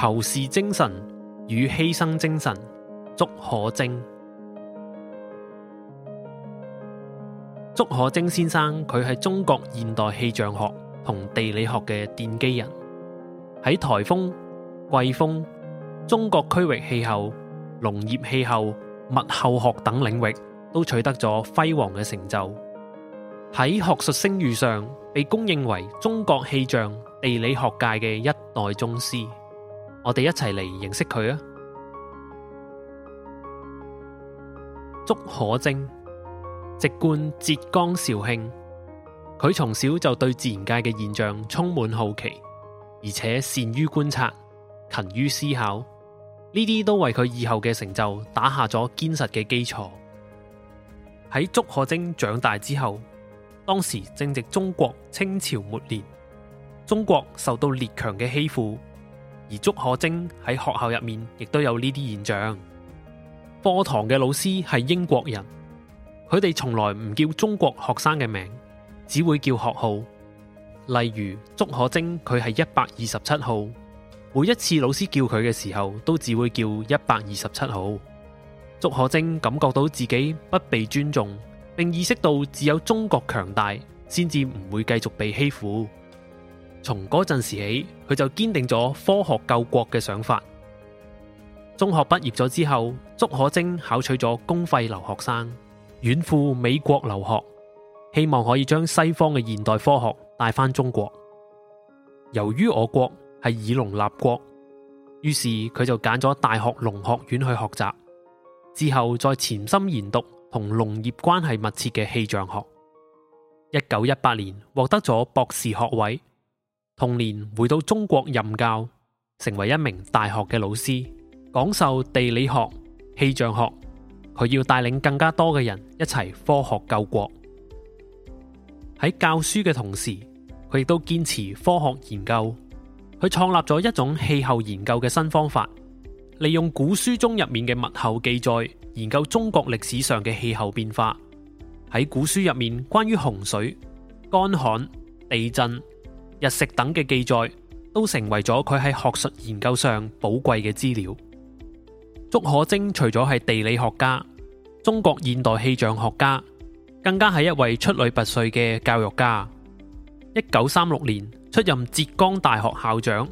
求是精神與犧牲精神，竺可楨。竺可楨先生佢係中國現代氣象學同地理學嘅奠基人，喺颱風、季風、中國區域氣候、農業氣候、物候學等領域都取得咗輝煌嘅成就。喺學術聲譽上，被公認為中國氣象地理學界嘅一代宗師。我哋一齊嚟認識佢啊！竺可楨籍貫浙江紹興，佢從小就對自然界嘅現象充滿好奇，而且善於觀察、勤於思考，呢啲都為佢以後嘅成就打下咗堅實嘅基礎。喺竺可楨長大之後，當時正值中國清朝末年，中國受到列強嘅欺負。而竺可楨喺學校入面亦都有呢啲現象。課堂嘅老師係英國人，佢哋從來唔叫中國學生嘅名，只會叫學號。例如竺可楨佢係一百二十七號，每一次老師叫佢嘅時候，都只會叫一百二十七號。竺可楨感覺到自己不被尊重，並意識到只有中國強大，先至唔會繼續被欺負。從嗰陣時起，佢就堅定咗科學救國嘅想法。中學畢業咗之後，竺可楨考取咗公費留學生，遠赴美國留學，希望可以將西方嘅現代科學帶翻中國。由於我國係以農立國，於是佢就揀咗大學農學院去學習，之後再潛心研讀同農業關係密切嘅氣象學。一九一八年獲得咗博士學位。同年回到中國任教，成為一名大學嘅老師，講授地理學、氣象學。佢要帶領更加多嘅人一齊科學救國。喺教書嘅同時，佢亦都堅持科學研究。佢創立咗一種氣候研究嘅新方法，利用古書中入面嘅物候記載，研究中國歷史上嘅氣候變化。喺古書入面，關於洪水、乾旱、地震。日食等嘅記載，都成為咗佢喺學術研究上寶貴嘅資料。竺可楨除咗係地理學家、中國現代氣象學家，更加係一位出類拔萃嘅教育家。一九三六年出任浙江大學校長，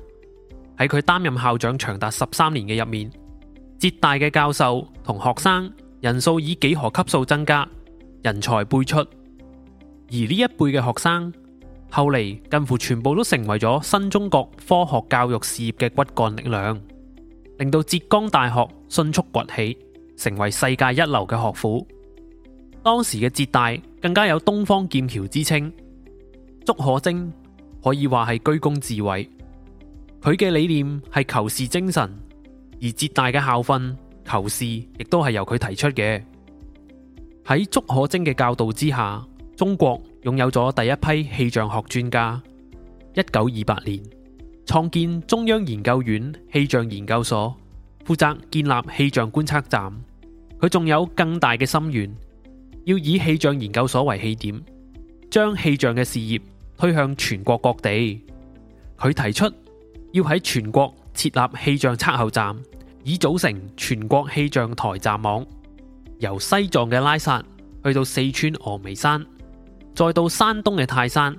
喺佢擔任校長長達十三年嘅入面，浙大嘅教授同學生人數以幾何級數增加，人才輩出。而呢一輩嘅學生，後嚟近乎全部都成為咗新中國科學教育事業嘅骨幹力量，令到浙江大學迅速崛起，成為世界一流嘅學府。當時嘅浙大更加有東方劍橋之稱。竺可楨可以話係居功至偉，佢嘅理念係求是精神，而浙大嘅校訓“求是”亦都係由佢提出嘅。喺竺可楨嘅教導之下，中國。擁有咗第一批氣象學專家，一九二八年創建中央研究院氣象研究所，負責建立氣象觀測站。佢仲有更大嘅心願，要以氣象研究所為起點，將氣象嘅事業推向全國各地。佢提出要喺全國設立氣象測候站，以組成全國氣象台站網，由西藏嘅拉薩去到四川峨眉山。再到山東嘅泰山，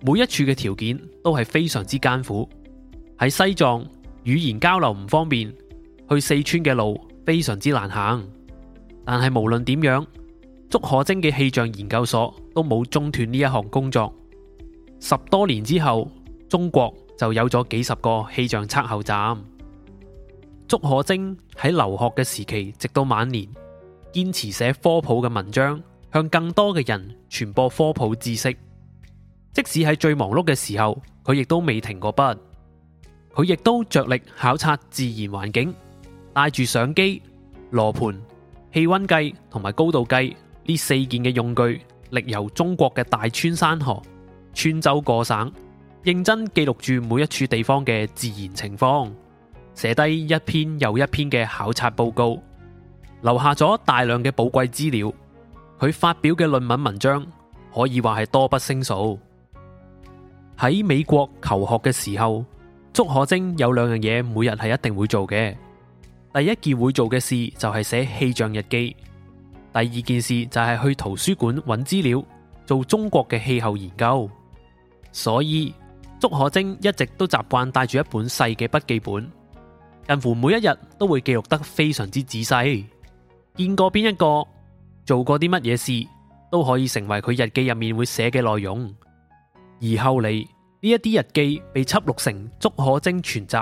每一處嘅條件都係非常之艱苦。喺西藏語言交流唔方便，去四川嘅路非常之難行。但係無論點樣，竺可楨嘅氣象研究所都冇中斷呢一項工作。十多年之後，中國就有咗幾十個氣象測候站。竺可楨喺留學嘅時期，直到晚年，堅持寫科普嘅文章。向更多嘅人傳播科普知識，即使喺最忙碌嘅時候，佢亦都未停過筆。佢亦都着力考察自然環境，帶住相機、羅盤、氣溫計同埋高度計呢四件嘅用具，力由中國嘅大川山河、穿州過省，認真記錄住每一處地方嘅自然情況，寫低一篇又一篇嘅考察報告，留下咗大量嘅寶貴資料。佢發表嘅論文文章可以話係多不勝數。喺美國求學嘅時候，竺可楨有兩樣嘢每日係一定會做嘅。第一件會做嘅事就係寫氣象日記，第二件事就係去圖書館揾資料做中國嘅氣候研究。所以竺可楨一直都習慣帶住一本細嘅筆記本，近乎每一日都會記錄得非常之仔細。見過邊一個？做過啲乜嘢事都可以成為佢日記入面會寫嘅內容，而後嚟呢一啲日記被輯錄成《竺可楨全集》。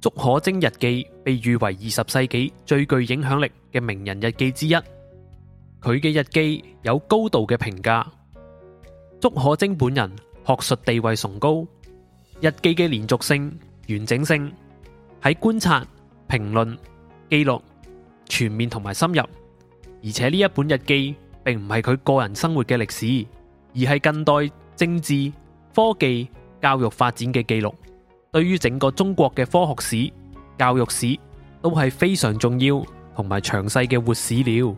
竺可楨日記被譽為二十世紀最具影響力嘅名人日記之一。佢嘅日記有高度嘅評價。竺可楨本人學術地位崇高，日記嘅連續性、完整性喺觀察、評論、記錄全面同埋深入。而且呢一本日記並唔係佢個人生活嘅歷史，而係近代政治、科技、教育發展嘅記錄，對於整個中國嘅科學史、教育史都係非常重要同埋詳細嘅活史料。